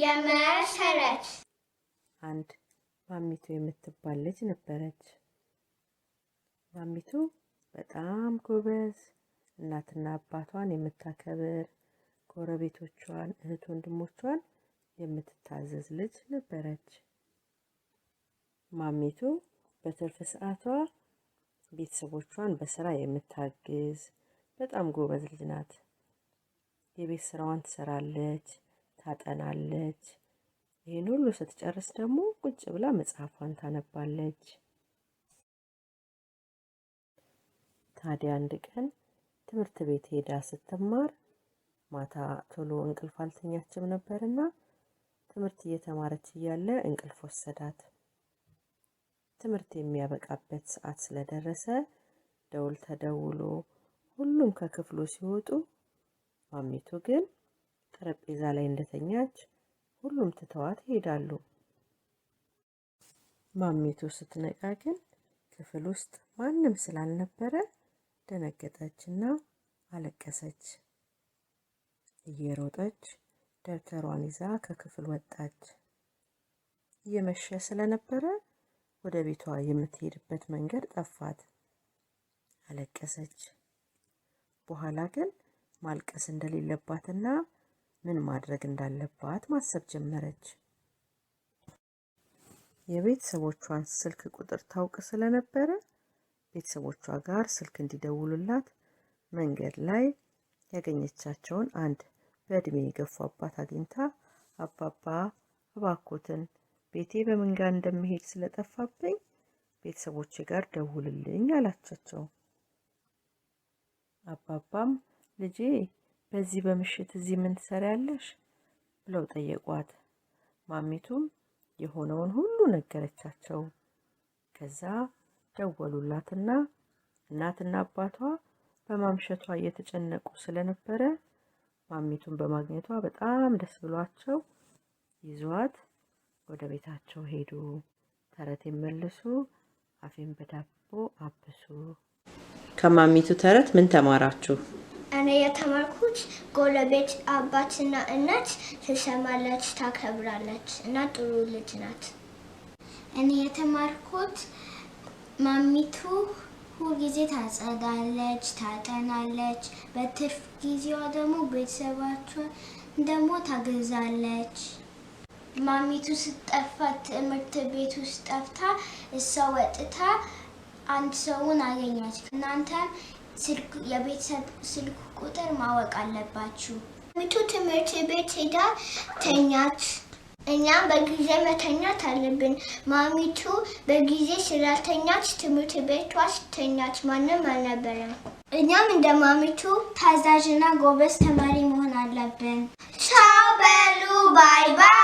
የመሰረት አንድ ማሚቱ የምትባል ልጅ ነበረች። ማሚቱ በጣም ጎበዝ፣ እናትና አባቷን የምታከብር፣ ጎረቤቶቿን፣ እህት ወንድሞቿን የምትታዘዝ ልጅ ነበረች። ማሚቱ በትርፍ ሰዓቷ ቤተሰቦቿን በስራ የምታግዝ በጣም ጎበዝ ልጅ ናት። የቤት ስራዋን ትሰራለች። ታጠናለች። ይህን ሁሉ ስትጨርስ ደግሞ ቁጭ ብላ መጽሐፏን ታነባለች። ታዲያ አንድ ቀን ትምህርት ቤት ሄዳ ስትማር ማታ ቶሎ እንቅልፍ አልተኛችም ነበርና ትምህርት እየተማረች እያለ እንቅልፍ ወሰዳት። ትምህርት የሚያበቃበት ሰዓት ስለደረሰ ደውል ተደውሎ ሁሉም ከክፍሉ ሲወጡ ማሚቱ ግን ጠረጴዛ ላይ እንደተኛች ሁሉም ትተዋት ይሄዳሉ። ማሚቱ ስትነቃ ግን ክፍል ውስጥ ማንም ስላልነበረ ደነገጠችና አለቀሰች። እየሮጠች ደብተሯን ይዛ ከክፍል ወጣች። እየመሸ ስለነበረ ወደ ቤቷ የምትሄድበት መንገድ ጠፋት። አለቀሰች። በኋላ ግን ማልቀስ እንደሌለባትና ምን ማድረግ እንዳለባት ማሰብ ጀመረች። የቤተሰቦቿን ስልክ ቁጥር ታውቅ ስለነበረ ቤተሰቦቿ ጋር ስልክ እንዲደውሉላት መንገድ ላይ ያገኘቻቸውን አንድ በእድሜ የገፉ አባት አግኝታ አባባ እባኮትን ቤቴ በምን ጋር እንደምሄድ ስለጠፋብኝ ቤተሰቦቼ ጋር ደውልልኝ አላቻቸው። አባባም ልጄ በዚህ በምሽት እዚህ ምን ትሰሪያለሽ? ብለው ጠየቋት። ማሚቱም የሆነውን ሁሉ ነገረቻቸው። ከዛ ደወሉላትና እናትና አባቷ በማምሸቷ እየተጨነቁ ስለነበረ ማሚቱን በማግኘቷ በጣም ደስ ብሏቸው ይዟት ወደ ቤታቸው ሄዱ። ተረት የመልሱ አፌን በዳቦ አብሱ። ከማሚቱ ተረት ምን ተማራችሁ? እኔ ጎረቤት አባትና እናት ትሰማለች፣ ታከብራለች እና ጥሩ ልጅ ናት። እኔ የተማርኩት ማሚቱ ሁልጊዜ ታጸዳለች፣ ታጠናለች። በትርፍ ጊዜዋ ደግሞ ቤተሰባቸውን ደግሞ ታገዛለች። ማሚቱ ስጠፋ ትምህርት ቤት ውስጥ ጠፍታ እሷ ወጥታ አንድ ሰውን አገኛች። እናንተም የቤተሰብ ስልክ ቁጥር ማወቅ አለባችሁ። ሚቱ ትምህርት ቤት ሄዳ ተኛች። እኛም በጊዜ መተኛት አለብን። ማሚቱ በጊዜ ስላልተኛች ትምህርት ቤቷ ስተኛች ማንም አልነበረም። እኛም እንደ ማሚቱ ታዛዥና ጎበዝ ተማሪ መሆን አለብን። ቻው በሉ ባይ ባይ።